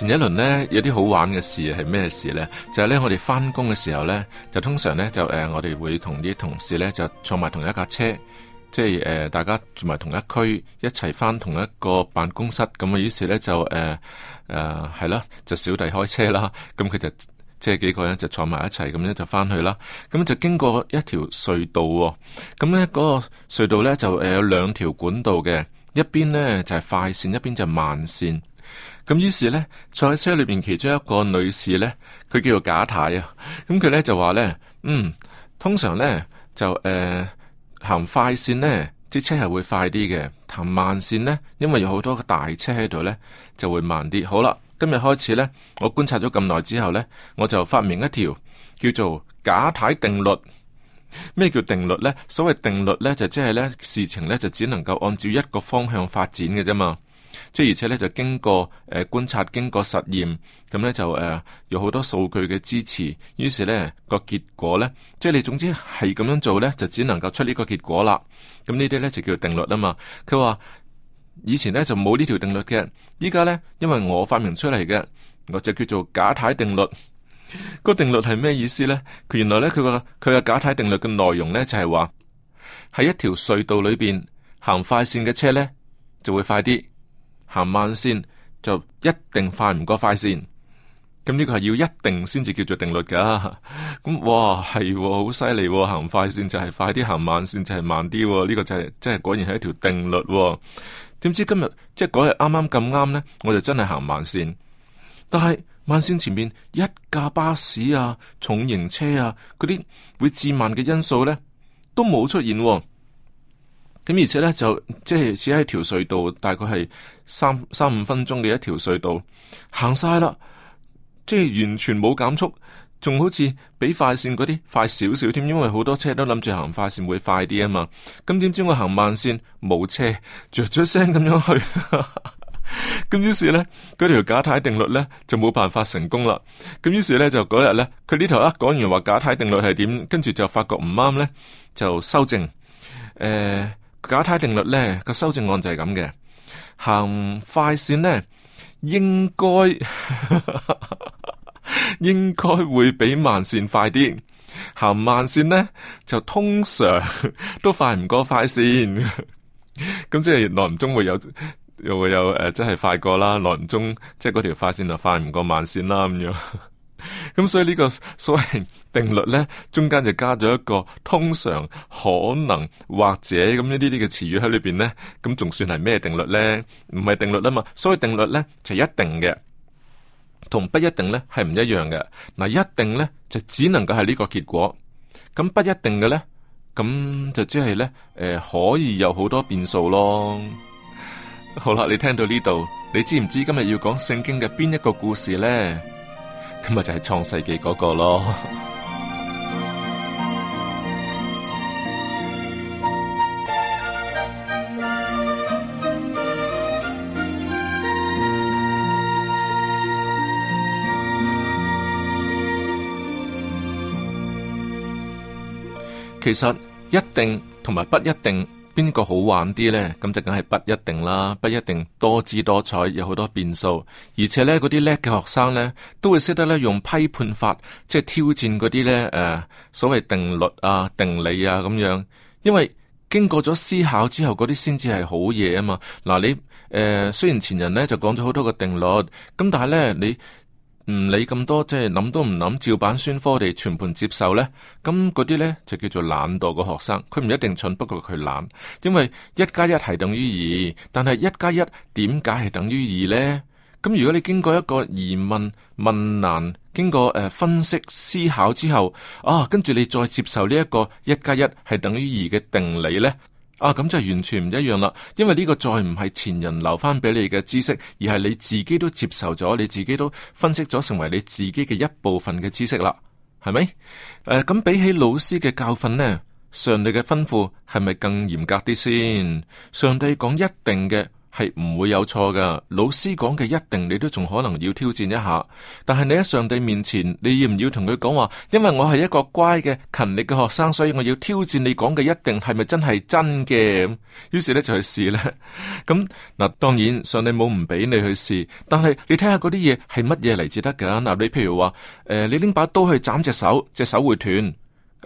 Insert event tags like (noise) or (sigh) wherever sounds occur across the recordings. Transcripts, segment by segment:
前一輪咧有啲好玩嘅事係咩事咧？就係咧我哋翻工嘅時候咧，就通常咧就誒我哋會同啲同事咧就坐埋同一架車，即係誒大家住埋同一區，一齊翻同一個辦公室咁啊。於是咧就誒誒係啦，就小弟開車啦。咁佢就即係幾個人就坐埋一齊咁樣就翻去啦。咁就經過一條隧道喎。咁咧嗰個隧道咧就誒有兩條管道嘅，一邊咧就係快線，一邊就係慢線。咁於是呢，坐喺車裏邊，其中一個女士呢，佢叫做假太啊。咁佢呢就話呢，嗯，通常呢，就誒、呃、行快線呢，啲車係會快啲嘅；行慢線呢，因為有好多個大車喺度呢，就會慢啲。好啦，今日開始呢，我觀察咗咁耐之後呢，我就發明一條叫做假太定律。咩叫定律呢？所謂定律呢，就即係呢，事情呢，就只能夠按照一個方向發展嘅啫嘛。即而且咧，就經過誒觀察，經過實驗，咁、嗯、咧就誒、呃、有好多數據嘅支持。於是咧個結果咧，即係你總之係咁樣做咧，就只能夠出呢個結果啦。咁、嗯、呢啲咧就叫定律啊嘛。佢話以前咧就冇呢條定律嘅，依家咧因為我發明出嚟嘅，我就叫做假體定律。個 (laughs) 定律係咩意思咧？原來咧佢個佢個假體定律嘅內容咧就係話喺一條隧道裏邊行快線嘅車咧就會快啲。行慢線就一定快唔過快線，咁呢個係要一定先至叫做定律噶。咁哇，係好犀利，行快線就係快啲，行慢線就係慢啲、哦，呢、呢個就係真係果然係一條定律、哦。點知今日即係嗰日啱啱咁啱咧，我就真係行慢線，但係慢線前面一架巴士啊、重型車啊、嗰啲會致慢嘅因素咧，都冇出現、哦。咁而且咧就即係、就是、只係條隧道，大概佢係。三三五分鐘嘅一條隧道行晒啦，即係完全冇減速，仲好似比快線嗰啲快少少添，因為好多車都諗住行快線會快啲啊嘛。咁點知我行慢線冇車，着咗聲咁樣去，咁 (laughs) 於是呢，嗰條假太定律呢就冇辦法成功啦。咁於是呢，就嗰日呢，佢呢頭一講完話假太定律係點，跟住就發覺唔啱呢，就修正。誒、呃，假太定律呢個修正案就係咁嘅。行快線咧，應該 (laughs) 應該會比慢線快啲。行慢線咧，就通常 (laughs) 都快唔過快線。咁即係耐唔中會有，又會有誒，即、呃、係快過啦。耐唔中即係嗰條快線就快唔過慢線啦，咁樣。咁所以呢個所謂定律呢，中間就加咗一個通常、可能、或者咁一啲啲嘅詞語喺裏邊呢。咁仲算係咩定律呢？唔係定律啊嘛。所謂定律呢，就係，一定嘅，同不一定呢，係唔一樣嘅。嗱，一定呢，就只能夠係呢個結果。咁不一定嘅呢，咁就即係呢，誒、呃，可以有好多變數咯。好啦，你聽到呢度，你知唔知今日要講聖經嘅邊一個故事呢？咁咪就係創世紀嗰個咯。其實一定同埋不一定。邊個好玩啲呢？咁就梗係不一定啦，不一定多姿多彩，有好多變數。而且呢，嗰啲叻嘅學生呢，都會識得咧用批判法，即係挑戰嗰啲呢誒、呃、所謂定律啊、定理啊咁樣。因為經過咗思考之後，嗰啲先至係好嘢啊嘛。嗱、呃，你誒、呃、雖然前人呢就講咗好多個定律，咁但係呢，你唔理咁多，即係諗都唔諗，照版宣科地全盤接受呢。咁嗰啲呢，就叫做懶惰個學生，佢唔一定蠢，不過佢懶。因為一加一係等於二，但係一加一點解係等於二呢？咁如果你經過一個疑問、問難，經過誒分析思考之後，啊，跟住你再接受呢一個一加一係等於二嘅定理呢。啊，咁就完全唔一樣啦，因為呢個再唔係前人留翻畀你嘅知識，而係你自己都接受咗，你自己都分析咗，成為你自己嘅一部分嘅知識啦，係咪？誒、啊，咁比起老師嘅教訓呢，上帝嘅吩咐係咪更嚴格啲先？上帝講一定嘅。係唔會有錯噶？老師講嘅一定，你都仲可能要挑戰一下。但係你喺上帝面前，你要唔要同佢講話？因為我係一個乖嘅、勤力嘅學生，所以我要挑戰你講嘅一定係咪真係真嘅？於是咧就去試啦。咁 (laughs) 嗱、嗯，當然上帝冇唔俾你去試。但係你睇下嗰啲嘢係乜嘢嚟至得噶？嗱，你譬如話誒、呃，你拎把刀去斬隻手，隻手會斷。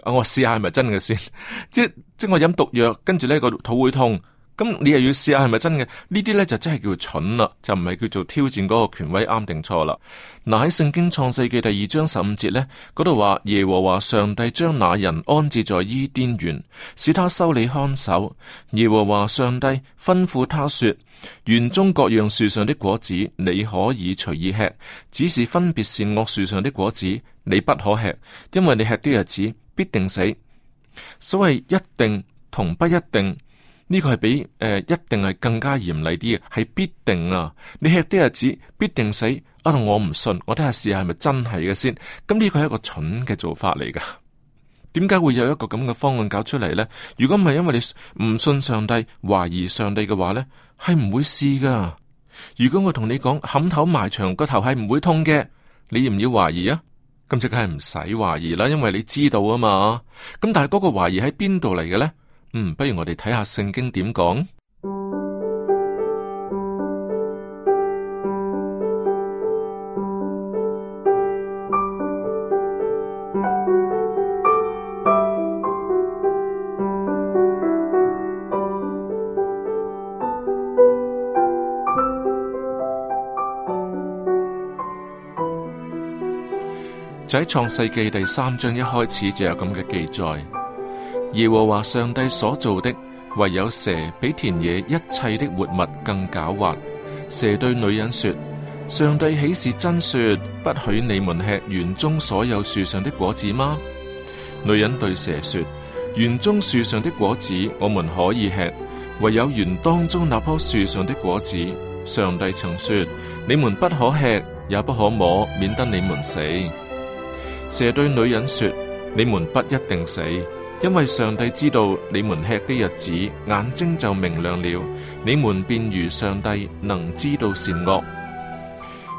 我試下係咪真嘅先？ (laughs) 即即我飲毒藥，跟住咧個肚會痛。咁你又要試下係咪真嘅？呢啲呢就真係叫蠢啦，就唔係叫做挑戰嗰個權威啱定錯啦。嗱，喺《聖經創世記》第二章十五節呢，嗰度話，耶和華上帝將那人安置在伊甸園，使他修理看守。耶和華上帝吩咐他說：園中各樣樹上的果子你可以隨意吃，只是分別善惡樹上的果子你不可吃，因為你吃啲日子必定死。所謂一定同不一定。呢個係比誒、呃、一定係更加嚴厲啲嘅，係必定啊！你吃啲日子必定死，啊！我唔信，我睇下試下係咪真係嘅先。咁、嗯、呢、這個係一個蠢嘅做法嚟噶。點解會有一個咁嘅方案搞出嚟咧？如果唔係因為你唔信上帝、懷疑上帝嘅話咧，係唔會試噶。如果我同你講坎頭埋牆個頭係唔會痛嘅，你要唔要懷疑啊？咁即梗係唔使懷疑啦，因為你知道啊嘛。咁、嗯、但係嗰個懷疑喺邊度嚟嘅咧？嗯，不如我哋睇下聖經點講， (music) 就喺創世記第三章一開始就有咁嘅記載。耶和華上帝所做的，唯有蛇比田野一切的活物更狡猾。蛇對女人說：上帝豈是真說不許你們吃園中所有樹上的果子嗎？女人對蛇說：園中樹上的果子我們可以吃，唯有園當中那棵樹上的果子，上帝曾說你們不可吃，也不可摸，免得你們死。蛇對女人說：你們不一定死。因為上帝知道你們吃的日子，眼睛就明亮了，你們便如上帝能知道善惡。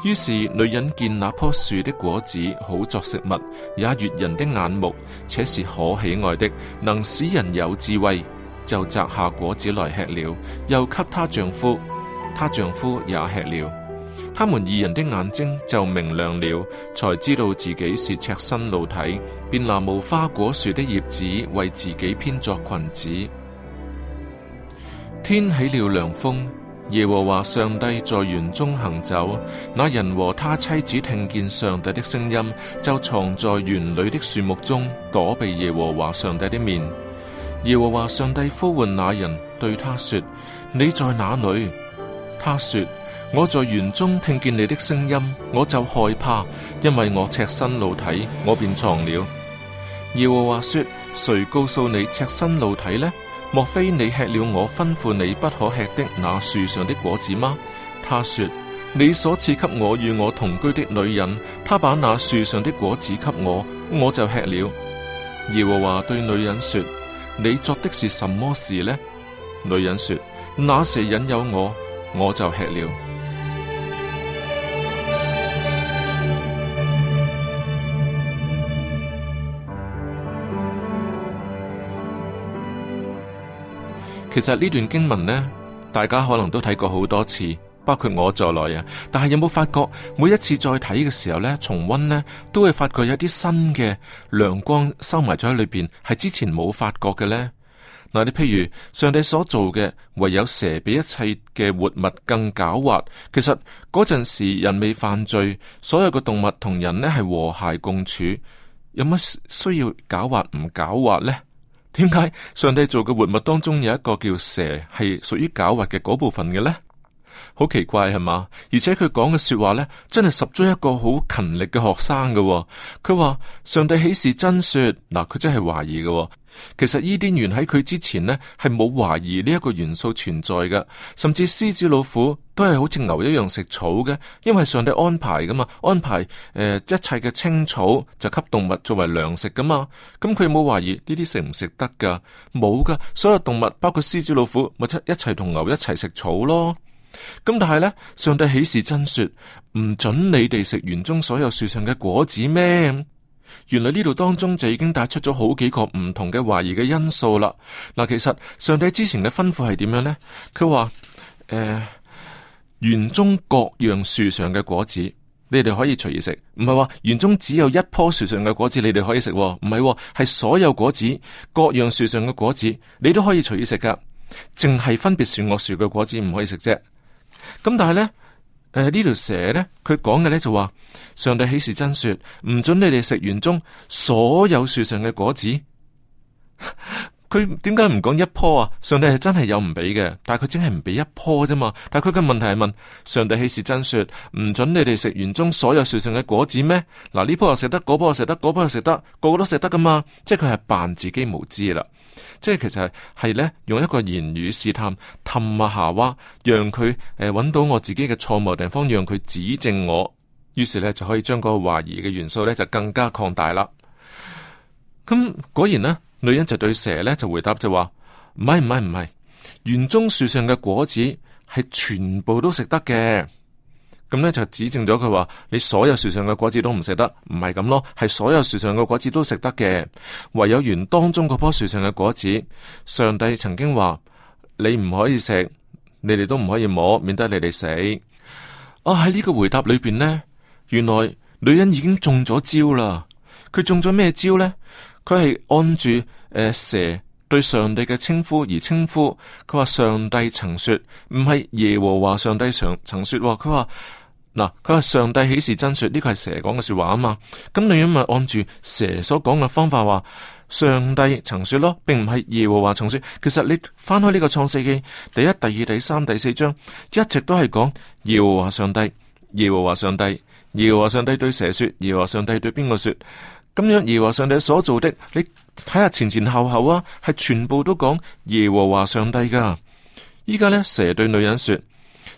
於是女人見那棵樹的果子好作食物，也悅人的眼目，且是可喜愛的，能使人有智慧，就摘下果子來吃了，又給她丈夫，她丈夫也吃了。他們二人的眼睛就明亮了，才知道自己是赤身露體，便拿無花果樹的葉子為自己編作裙子。天起了涼風，耶和華上帝在園中行走，那人和他妻子聽見上帝的聲音，就藏在園裏的樹木中，躲避耶和華上帝的面。耶和華上帝呼喚那人，對他說：你在哪裏？他說。我在園中聽見你的聲音，我就害怕，因為我赤身露體，我便藏了。耶和華說：誰告訴你赤身露體呢？莫非你吃了我吩咐你不可吃的那樹上的果子嗎？他說：你所賜給我與我同居的女人，她把那樹上的果子給我，我就吃了。耶和華對女人說：你作的是什麼事呢？女人說：那蛇引誘我，我就吃了。其實呢段經文呢，大家可能都睇過好多次，包括我在內啊。但係有冇發覺每一次再睇嘅時候呢，重溫呢，都會發覺有啲新嘅亮光收埋咗喺裏邊，係之前冇發覺嘅呢？嗱，你譬如上帝所做嘅，唯有蛇比一切嘅活物更狡猾。其實嗰陣時人未犯罪，所有嘅動物同人呢係和諧共處，有乜需要狡猾唔狡猾呢？點解上帝做嘅活物當中有一個叫蛇，係屬於狡猾嘅嗰部分嘅咧？好奇怪係嘛，而且佢講嘅說話呢，真係十足一個好勤力嘅學生噶、哦。佢話上帝啟示真說嗱，佢真係懷疑嘅、哦。其實伊甸園喺佢之前呢，係冇懷疑呢一個元素存在嘅，甚至獅子老虎都係好似牛一樣食草嘅，因為上帝安排噶嘛，安排誒、呃、一切嘅青草就給動物作為糧食噶嘛。咁佢冇懷疑呢啲食唔食得噶冇噶，所有動物包括獅子老虎，咪一齊同牛一齊食草咯。咁但係呢，上帝豈是真說，唔准你哋食園中所有樹上嘅果子咩？原來呢度當中就已經帶出咗好幾個唔同嘅懷疑嘅因素啦。嗱，其實上帝之前嘅吩咐係點樣呢？佢話誒，園中各樣樹上嘅果子，你哋可以隨意食。唔係話園中只有一棵樹上嘅果子，你哋可以食。唔係，係所有果子各樣樹上嘅果子，你都可以隨意食噶。淨係分別善惡樹嘅果子唔可以食啫。咁、嗯、但係咧，誒、呃、呢條蛇咧，佢講嘅咧就話，上帝豈是真說，唔准你哋食園中所有樹上嘅果子。佢點解唔講一棵啊？上帝係真係有唔俾嘅，但係佢淨係唔俾一棵啫嘛。但係佢嘅問題係問上帝豈是真說，唔准你哋食園中所有樹上嘅果子咩？嗱，呢棵又食得，嗰棵又食得，嗰棵又食得，個個都食得㗎嘛？即係佢係扮自己無知啦。即係其實係咧，用一個言語試探氹下夏娃，讓佢誒搵到我自己嘅錯誤地方，讓佢指正我，於是咧就可以將嗰個懷疑嘅元素咧就更加擴大啦。咁果然呢，女人就對蛇咧就回答就話，唔係唔係唔係，園中樹上嘅果子係全部都食得嘅。咁呢就指正咗佢，話你所有樹上嘅果子都唔食得，唔係咁咯，係所有樹上嘅果子都食得嘅，唯有園當中嗰棵樹上嘅果子。上帝曾經話你唔可以食，你哋都唔可以摸，免得你哋死。啊，喺呢個回答裏邊呢，原來女人已經中咗招啦。佢中咗咩招呢？佢係按住、呃、蛇對上帝嘅稱呼而稱呼。佢話上帝曾說，唔係耶和華上帝上曾說。佢話。嗱，佢話上帝豈是真說，呢個係蛇講嘅說話啊嘛，咁女人咪按住蛇所講嘅方法話，上帝曾說咯，並唔係耶和華曾說。其實你翻開呢個創世記第一、第二、第三、第四章，一直都係講耶和華上帝，耶和華上帝，耶和華上帝對蛇說，耶和華上帝對邊個說？咁樣耶和華上帝所做的，你睇下，前前後後啊，係全部都講耶和華上帝噶。依家，呢，蛇對女人說。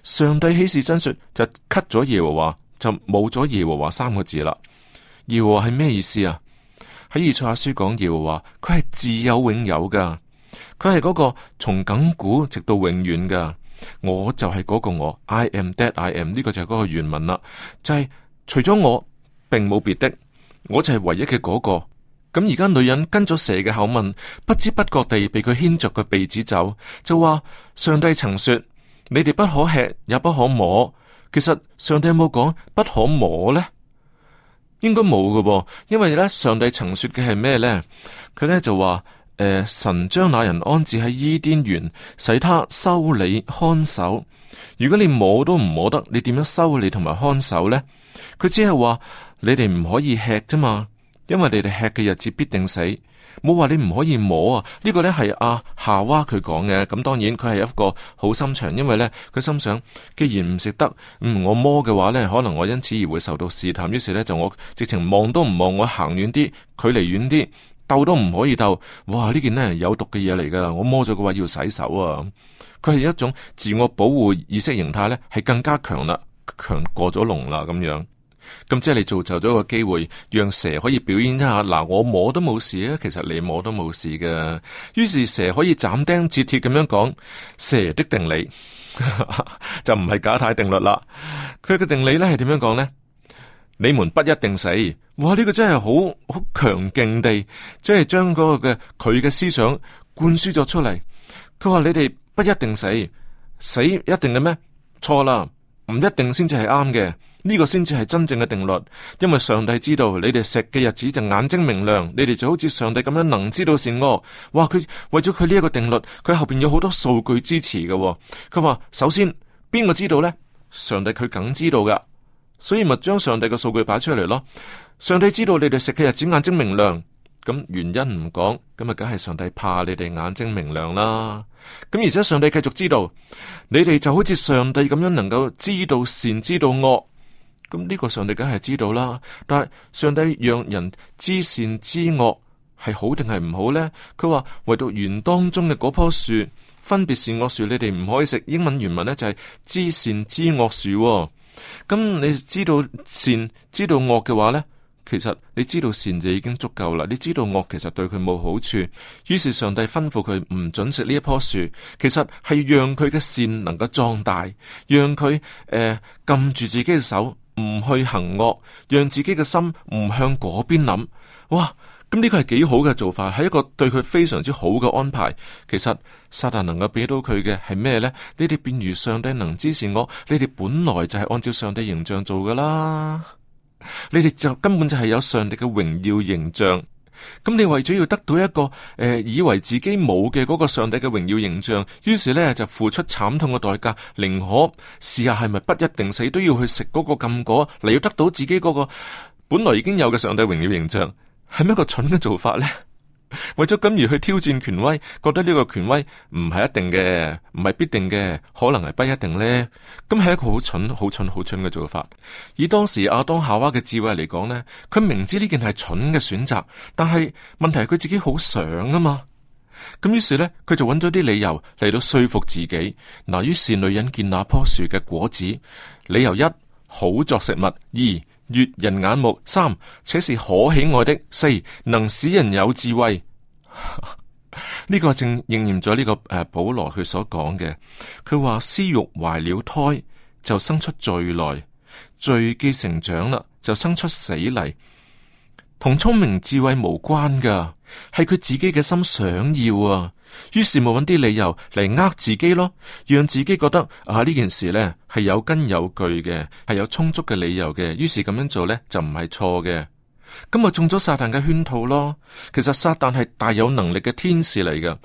上帝豈是真說就 cut 咗耶和華就冇咗耶和華三個字啦。耶和華係咩意思啊？喺《以賽亞書》講耶和華，佢係自有永有噶，佢係嗰個從亙古直到永遠噶。我就係嗰個我，I am that I am，呢個就係嗰個原文啦。就係除咗我，並冇別的，我就係、就是、唯一嘅嗰、那個。咁而家女人跟咗蛇嘅口吻，不知不覺地被佢牽着個鼻子走，就話上帝曾說。你哋不可吃，也不可摸。其實上帝有冇講不可摸呢？應該冇㗎噃。因為咧，上帝曾說嘅係咩呢？佢咧就話：誒、呃，神將那人安置喺伊甸園，使他修理看守。如果你摸都唔摸得，你點樣修理同埋看守呢？」佢只係話你哋唔可以吃啫嘛，因為你哋吃嘅日子必定死。冇話你唔可以摸啊！呢個呢係阿夏娃佢講嘅，咁當然佢係一個好心腸，因為呢，佢心想，既然唔食得，唔、嗯、我摸嘅話呢，可能我因此而會受到試探，於是呢，就我直情望都唔望，我行遠啲，距離遠啲，鬥都唔可以鬥。哇！呢件呢有毒嘅嘢嚟噶，我摸咗嘅話要洗手啊！佢係一種自我保護意識形態呢係更加強啦，強過咗龍啦咁樣。咁即係你造就咗個機會，讓蛇可以表演一下。嗱，我摸都冇事啊，其實你摸都冇事噶。於是蛇可以斬釘截鐵咁樣講：蛇的定理 (laughs) 就唔係假太定律啦。佢嘅定理咧係點樣講呢？呢「你們不一定死。哇！呢、這個真係好好強勁地，即係將、嗰個嘅佢嘅思想灌輸咗出嚟。佢話你哋不一定死，死一定嘅咩？錯啦，唔一定先至係啱嘅。呢個先至係真正嘅定律，因為上帝知道你哋食嘅日子就眼睛明亮，你哋就好似上帝咁樣能知道善惡。哇！佢為咗佢呢一個定律，佢後邊有好多數據支持嘅喎。佢話首先邊個知道呢？上帝佢梗知道噶，所以咪將上帝嘅數據擺出嚟咯。上帝知道你哋食嘅日子眼睛明亮，咁原因唔講，咁啊梗係上帝怕你哋眼睛明亮啦。咁而且上帝繼續知道，你哋就好似上帝咁樣能夠知道善知道惡。咁呢個上帝梗係知道啦，但係上帝讓人知善知惡係好定係唔好呢？佢話唯獨園當中嘅嗰棵樹分別善惡樹，你哋唔可以食。英文原文呢就係知善知惡樹。咁、嗯、你知道善，知道惡嘅話呢，其實你知道善就已經足夠啦。你知道惡，其實對佢冇好處。於是上帝吩咐佢唔準食呢一棵樹，其實係讓佢嘅善能夠壯大，讓佢誒撳住自己嘅手。唔去行惡，讓自己嘅心唔向嗰邊諗，哇！咁呢個係幾好嘅做法，係一個對佢非常之好嘅安排。其實撒但能夠俾到佢嘅係咩呢？你哋便如上帝能支持我，你哋本來就係按照上帝形象做噶啦，你哋就根本就係有上帝嘅榮耀形象。咁你為咗要得到一個誒、呃，以為自己冇嘅嗰個上帝嘅榮耀形象，於是呢就付出慘痛嘅代價，寧可試下係咪不，不一定死都要去食嗰個禁果嚟，要得到自己嗰個本來已經有嘅上帝榮耀形象，係咪一個蠢嘅做法呢？為咗咁而去挑戰權威，覺得呢個權威唔係一定嘅，唔係必定嘅，可能係不一定呢。咁係一個好蠢、好蠢、好蠢嘅做法。以當時亞當夏娃嘅智慧嚟講呢，佢明知呢件係蠢嘅選擇，但係問題係佢自己好想啊嘛。咁於是呢，佢就揾咗啲理由嚟到說服自己。嗱，於是女人見那棵樹嘅果子，理由一，好作食物；二。悅人眼目，三且是可喜愛的，四能使人有智慧。呢 (laughs) 個正應驗咗呢個誒、呃，保羅佢所講嘅。佢話私欲懷了胎，就生出罪來；罪既成長啦，就生出死嚟。同聰明智慧無關噶係佢自己嘅心想要啊，於是冇揾啲理由嚟呃自己咯，讓自己覺得啊，呢件事呢係有根有據嘅，係有充足嘅理由嘅，於是咁樣做呢就唔係錯嘅，咁啊中咗撒旦嘅圈套咯。其實撒旦係大有能力嘅天使嚟噶，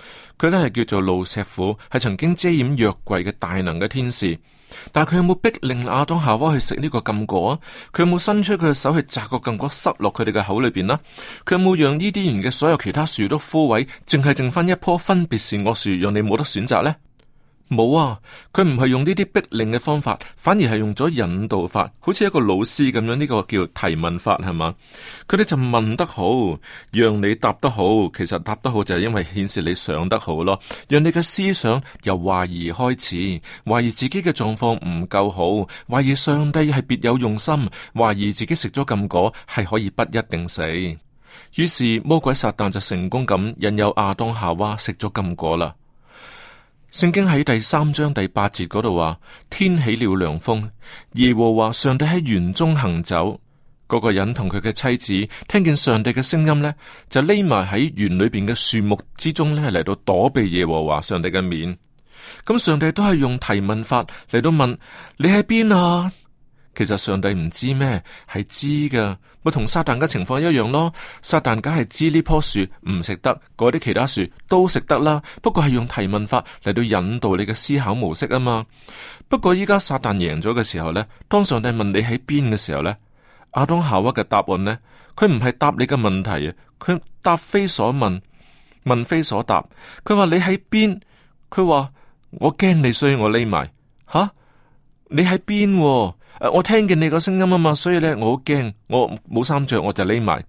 佢呢係叫做路石虎，係曾經遮掩約櫃嘅大能嘅天使。但係佢有冇逼令亞當夏娃去食呢個禁果啊？佢有冇伸出佢嘅手去摘個禁果塞落佢哋嘅口裏邊啊？佢有冇讓呢啲人嘅所有其他樹都枯萎，淨係剩翻一棵分別善惡樹，讓你冇得選擇咧？冇啊！佢唔係用呢啲逼令嘅方法，反而係用咗引導法，好似一個老師咁樣呢個叫提問法係嘛？佢哋就問得好，讓你答得好。其實答得好就係因為顯示你想得好咯。讓你嘅思想由懷疑開始，懷疑自己嘅狀況唔夠好，懷疑上帝係別有用心，懷疑自己食咗禁果係可以不一定死。於是魔鬼撒旦就成功咁引誘亞當夏娃食咗禁果啦。聖經喺第三章第八節嗰度話，天起了涼風，耶和華上帝喺園中行走，嗰個人同佢嘅妻子聽見上帝嘅聲音呢，就匿埋喺園裏邊嘅樹木之中咧嚟到躲避耶和華上帝嘅面。咁上帝都係用提問法嚟到問你喺邊啊？其實上帝唔知咩？係知噶咪同撒旦嘅情況一樣咯。撒旦梗係知呢棵樹唔食得，嗰啲其他樹都食得啦。不過係用提問法嚟到引導你嘅思考模式啊嘛。不過依家撒旦贏咗嘅時候咧，當上帝問你喺邊嘅時候咧，亞當夏娃嘅答案咧，佢唔係答你嘅問題，佢答非所問，問非所答。佢話你喺邊，佢話我驚你，所以我匿埋。吓？你喺邊啊？我聽見你個聲音啊嘛，所以呢，我好驚，我冇衫着，我就匿埋。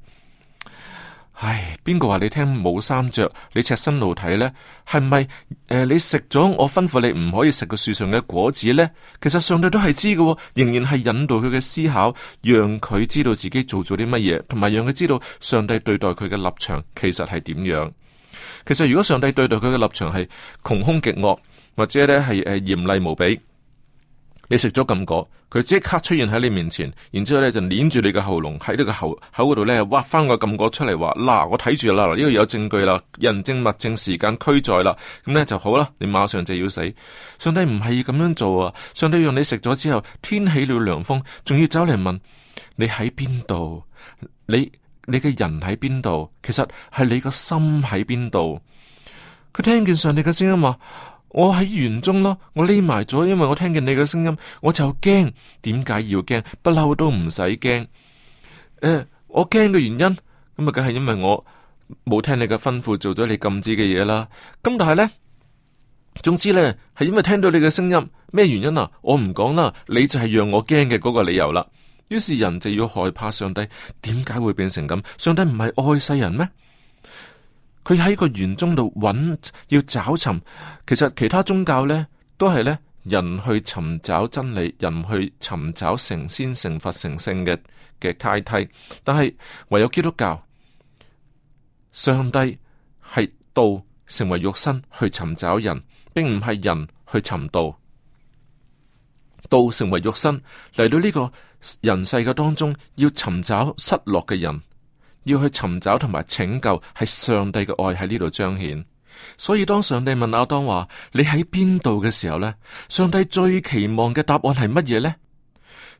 唉，邊個話你聽冇衫着？你赤身露體呢？係咪？誒、呃，你食咗我吩咐你唔可以食個樹上嘅果子呢？其實上帝都係知嘅，仍然係引導佢嘅思考，讓佢知道自己做咗啲乜嘢，同埋讓佢知道上帝對待佢嘅立場其實係點樣。其實如果上帝對待佢嘅立場係窮兇極惡，或者呢係誒嚴厲無比。你食咗禁果，佢即刻出現喺你面前，然之後咧就捏住你嘅喉嚨，喺你個喉口嗰度咧挖翻個禁果出嚟，話嗱我睇住啦，呢個有證據啦，人證物證時間俱在啦，咁咧就好啦，你馬上就要死。上帝唔係要咁樣做啊！上帝讓你食咗之後，天起了涼風，仲要走嚟問你喺邊度，你你嘅人喺邊度？其實係你個心喺邊度？佢聽見上帝嘅聲音話。我喺園中咯，我匿埋咗，因為我聽見你嘅聲音，我就驚。點解要驚？不嬲都唔使驚。誒，我驚嘅原因咁啊，梗係因為我冇聽你嘅吩咐，做咗你禁止嘅嘢啦。咁但係呢，總之呢，係因為聽到你嘅聲音。咩原因啊？我唔講啦。你就係讓我驚嘅嗰個理由啦。於是人就要害怕上帝。點解會變成咁？上帝唔係愛世人咩？佢喺個園中度揾，要找尋。其實其他宗教呢，都係呢，人去尋找真理，人去尋找成仙、成佛、成聖嘅嘅階梯。但係唯有基督教，上帝係道，成為肉身去尋找人，並唔係人去尋道。道成為肉身嚟到呢個人世嘅當中，要尋找失落嘅人。要去尋找同埋拯救，係上帝嘅愛喺呢度彰顯。所以當上帝問阿當話，你喺邊度嘅時候呢，上帝最期望嘅答案係乜嘢呢？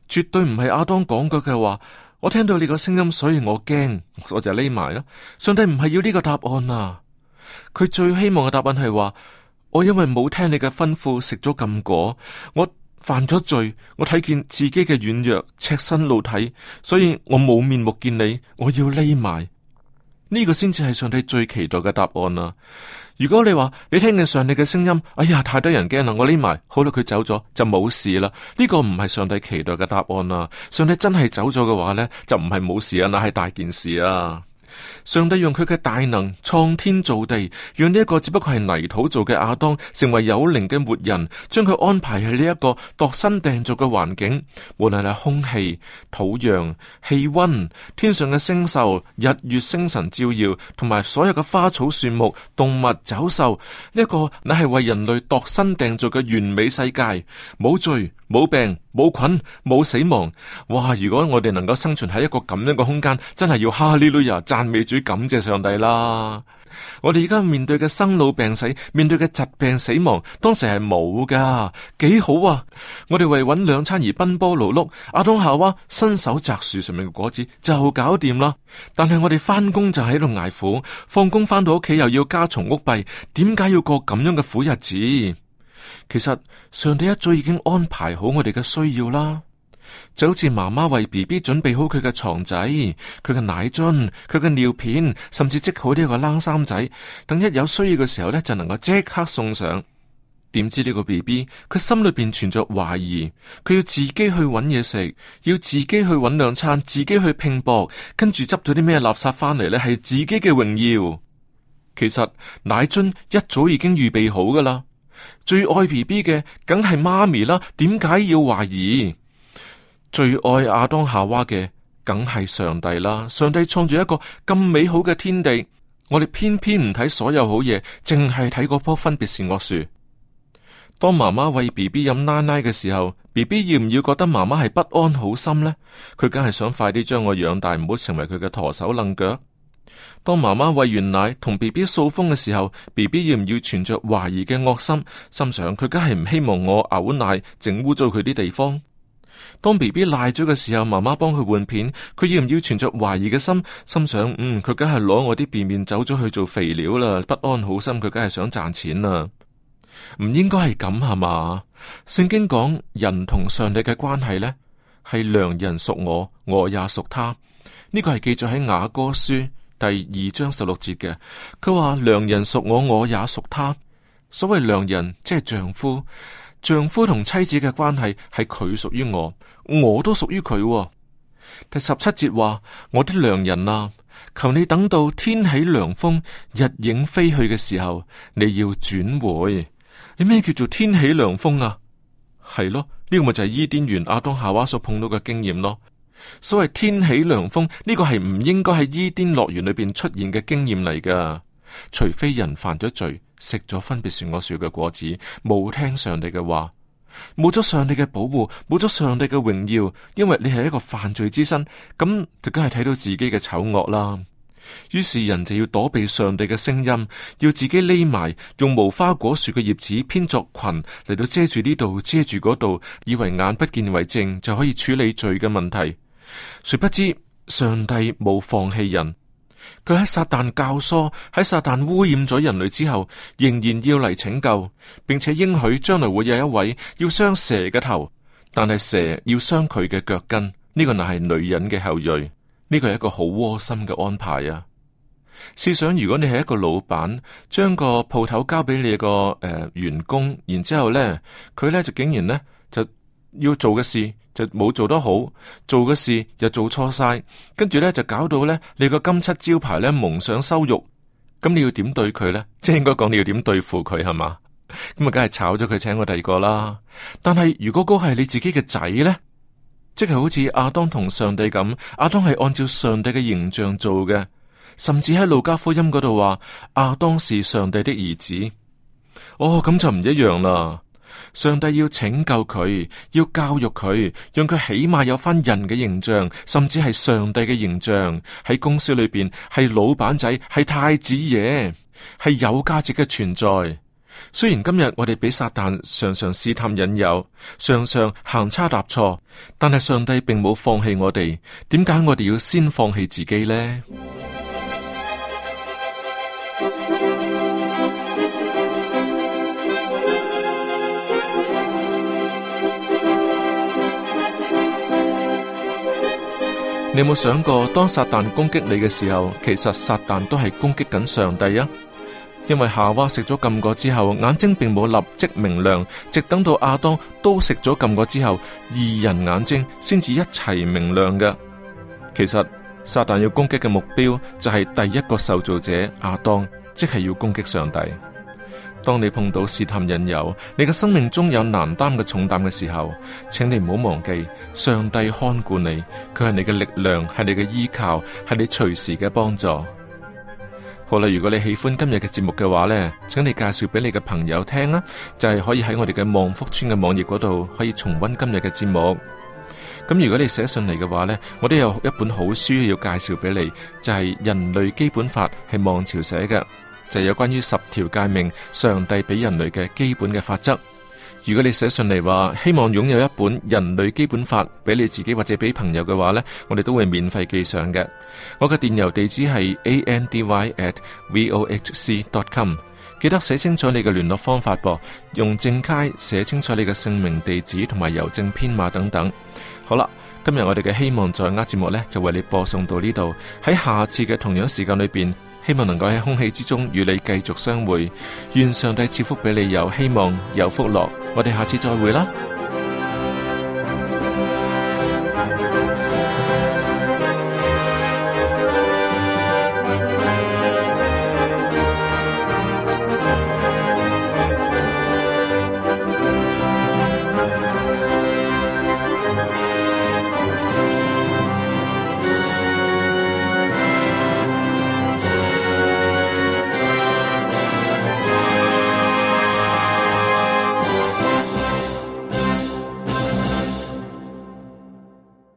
絕對唔係阿當講句嘅話，我聽到你個聲音，所以我驚，我就匿埋啦。上帝唔係要呢個答案啊，佢最希望嘅答案係話，我因為冇聽你嘅吩咐食咗禁果，我。犯咗罪，我睇見自己嘅軟弱，赤身露體，所以我冇面目見你，我要匿埋。呢個先至係上帝最期待嘅答案啊！如果你話你聽見上帝嘅聲音，哎呀，太多人驚啦，我匿埋，好啦，佢走咗就冇事啦。呢個唔係上帝期待嘅答案啊！上帝真係走咗嘅話呢，就唔係冇事啊，乃係大件事啊。上帝用佢嘅大能創天造地，讓呢一個只不過係泥土做嘅亞當成為有靈嘅活人，將佢安排喺呢一個度身訂造嘅環境，無論係空氣、土壤、氣溫、天上嘅星宿、日月星辰照耀，同埋所有嘅花草樹木、動物、走獸，呢一個乃係為人類度身訂造嘅完美世界，冇罪冇病。冇菌冇死亡，哇！如果我哋能夠生存喺一個咁樣嘅空間，真係要哈利路亞讚美主、感謝上帝啦！我哋而家面對嘅生老病死，面對嘅疾病死亡，當時係冇噶，幾好啊！我哋為揾兩餐而奔波勞碌，阿當夏娃伸手摘樹上面嘅果子就搞掂啦。但係我哋返工就喺度捱苦，放工返到屋企又要加重屋壁，點解要過咁樣嘅苦日子？其實上帝一早已經安排好我哋嘅需要啦，就好似媽媽為 B B 準備好佢嘅床仔、佢嘅奶樽、佢嘅尿片，甚至織好呢個冷衫仔，等一有需要嘅時候呢，就能夠即刻送上。點知呢個 B B 佢心裏邊存著懷疑，佢要自己去揾嘢食，要自己去揾兩餐，自己去拼搏，跟住執咗啲咩垃圾翻嚟呢？係自己嘅榮耀。其實奶樽一早已經預備好噶啦。最愛 B B 嘅梗係媽咪啦，點解要懷疑？最愛亞當夏娃嘅梗係上帝啦，上帝創造一個咁美好嘅天地，我哋偏偏唔睇所有好嘢，淨係睇嗰棵分別善惡樹。當媽媽餵 B B 飲奶奶嘅時候，B B 要唔要覺得媽媽係不安好心呢？佢梗係想快啲將我養大，唔好成為佢嘅陀手楞腳。當媽媽餵完奶同 B B 掃風嘅時候，B B 要唔要存着懷疑嘅惡心？心想佢梗係唔希望我嘔奶整污糟佢啲地方。當 B B 瀨咗嘅時候，媽媽幫佢換片，佢要唔要存着懷疑嘅心？心想嗯，佢梗係攞我啲便便走咗去做肥料啦。不安好心，佢梗係想賺錢啦。唔應該係咁係嘛？聖經講人同上帝嘅關係呢，係良人屬我，我也屬他。呢個係記載喺雅歌書。第二章十六節嘅，佢話良人屬我，我也屬他。所謂良人即係丈夫，丈夫同妻子嘅關係係佢屬於我，我都屬於佢，哦。第十七節話，我的良人啊，求你等到天起涼風，日影飛去嘅時候，你要轉回。你咩叫做天起涼風啊？係咯，呢，這個咪就係伊甸園阿當夏娃所碰到嘅經驗咯。所謂天起涼風呢個係唔應該喺伊甸樂園裏邊出現嘅經驗嚟噶，除非人犯咗罪，食咗分別善惡樹嘅果子，冇聽上帝嘅話，冇咗上帝嘅保護，冇咗上帝嘅榮耀，因為你係一個犯罪之身，咁就梗係睇到自己嘅醜惡啦。於是人就要躲避上帝嘅聲音，要自己匿埋，用無花果樹嘅葉子編作裙嚟到遮住呢度，遮住嗰度，以為眼不見為淨，就可以處理罪嘅問題。誰不知上帝冇放棄人，佢喺撒旦教唆，喺撒旦污染咗人類之後，仍然要嚟拯救，並且應許將來會有一位要傷蛇嘅頭，但係蛇要傷佢嘅腳跟，呢個乃係女人嘅後裔，呢個係一個好窩心嘅安排啊！試想，如果你係一個老闆，將個鋪頭交俾你一個誒、呃、員工，然之後咧，佢呢就竟然呢。就。要做嘅事就冇做得好，做嘅事又做錯晒，跟住咧就搞到咧你個金漆招牌咧蒙上羞辱。咁你要點對佢咧？即係應該講你要點對付佢係嘛？咁啊，梗係炒咗佢，請我第二個啦。但係如果嗰係你自己嘅仔咧，即係好似阿當同上帝咁，阿當係按照上帝嘅形象做嘅，甚至喺路加福音嗰度話阿當是上帝的兒子。哦，咁就唔一樣啦。上帝要拯救佢，要教育佢，讓佢起碼有翻人嘅形象，甚至係上帝嘅形象。喺公司裏邊，係老闆仔，係太子爺，係有價值嘅存在。雖然今日我哋俾撒旦常常試探引誘，常常行差踏錯，但係上帝並冇放棄我哋。點解我哋要先放棄自己呢？你有冇想過，當撒旦攻擊你嘅時候，其實撒旦都係攻擊緊上帝啊？因為夏娃食咗禁果之後，眼睛並冇立即明亮，直等到亞當都食咗禁果之後，二人眼睛先至一齊明亮嘅。其實撒旦要攻擊嘅目標就係第一個受造者亞當，即係要攻擊上帝。當你碰到試探引誘，你嘅生命中有難擔嘅重擔嘅時候，請你唔好忘記，上帝看顧你，佢係你嘅力量，係你嘅依靠，係你隨時嘅幫助。好啦，如果你喜歡今日嘅節目嘅話呢，請你介紹俾你嘅朋友聽啊，就係可以喺我哋嘅望福村嘅網頁嗰度可以重溫今日嘅節目。咁如果你寫信嚟嘅話呢，我都有一本好書要介紹俾你，就係《人類基本法》，係望潮寫嘅。就有關於十條誡命，上帝俾人類嘅基本嘅法則。如果你寫信嚟話，希望擁有一本人類基本法俾你自己或者俾朋友嘅話呢，我哋都會免費寄上嘅。我嘅電郵地址係 a n d y at v o h c dot com，記得寫清楚你嘅聯絡方法噃，用正楷寫清楚你嘅姓名、地址同埋郵政編碼等等。好啦，今日我哋嘅希望在握節目呢，就為你播送到呢度，喺下次嘅同樣時間裏邊。希望能夠喺空氣之中與你繼續相會，願上帝賜福俾你有希望，有福樂，我哋下次再會啦。